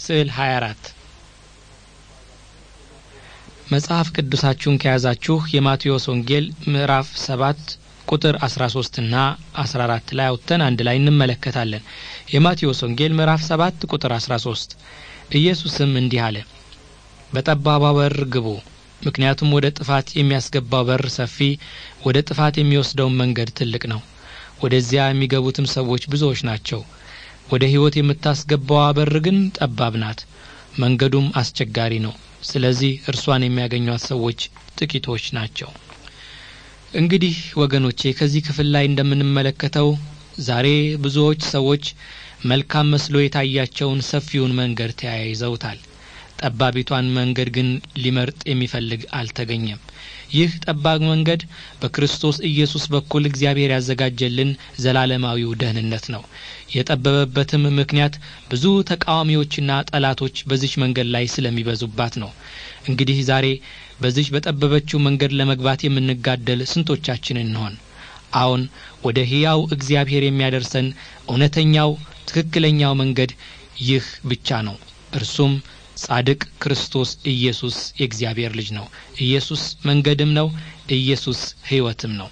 ስዕል 24 መጽሐፍ ቅዱሳችሁን ከያዛችሁ የማቴዎስ ወንጌል ምዕራፍ 7 ቁጥር 13 እና 14 ላይ አውጥተን አንድ ላይ እንመለከታለን። የማቴዎስ ወንጌል ምዕራፍ 7 ቁጥር 13 ኢየሱስም እንዲህ አለ፣ በጠባቧ በር ግቡ፣ ምክንያቱም ወደ ጥፋት የሚያስገባው በር ሰፊ፣ ወደ ጥፋት የሚወስደውን መንገድ ትልቅ ነው፣ ወደዚያ የሚገቡትም ሰዎች ብዙዎች ናቸው። ወደ ሕይወት የምታስገባዋ በር ግን ጠባብ ናት፣ መንገዱም አስቸጋሪ ነው። ስለዚህ እርሷን የሚያገኟት ሰዎች ጥቂቶች ናቸው። እንግዲህ ወገኖቼ ከዚህ ክፍል ላይ እንደምንመለከተው ዛሬ ብዙዎች ሰዎች መልካም መስሎ የታያቸውን ሰፊውን መንገድ ተያይዘውታል። ጠባቢቷን መንገድ ግን ሊመርጥ የሚፈልግ አልተገኘም። ይህ ጠባብ መንገድ በክርስቶስ ኢየሱስ በኩል እግዚአብሔር ያዘጋጀልን ዘላለማዊው ደህንነት ነው። የጠበበበትም ምክንያት ብዙ ተቃዋሚዎችና ጠላቶች በዚች መንገድ ላይ ስለሚበዙባት ነው። እንግዲህ ዛሬ በዚች በጠበበችው መንገድ ለመግባት የምንጋደል ስንቶቻችን እንሆን? አሁን ወደ ሕያው እግዚአብሔር የሚያደርሰን እውነተኛው ትክክለኛው መንገድ ይህ ብቻ ነው። እርሱም ጻድቅ ክርስቶስ ኢየሱስ የእግዚአብሔር ልጅ ነው። ኢየሱስ መንገድም ነው። ኢየሱስ ሕይወትም ነው።